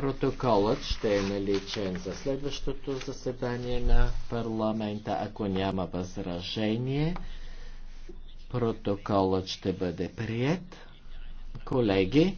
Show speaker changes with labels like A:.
A: Протоколът ще е наличен за следващото заседание на парламента. Ако няма възражение, протоколът ще бъде прият. Колеги,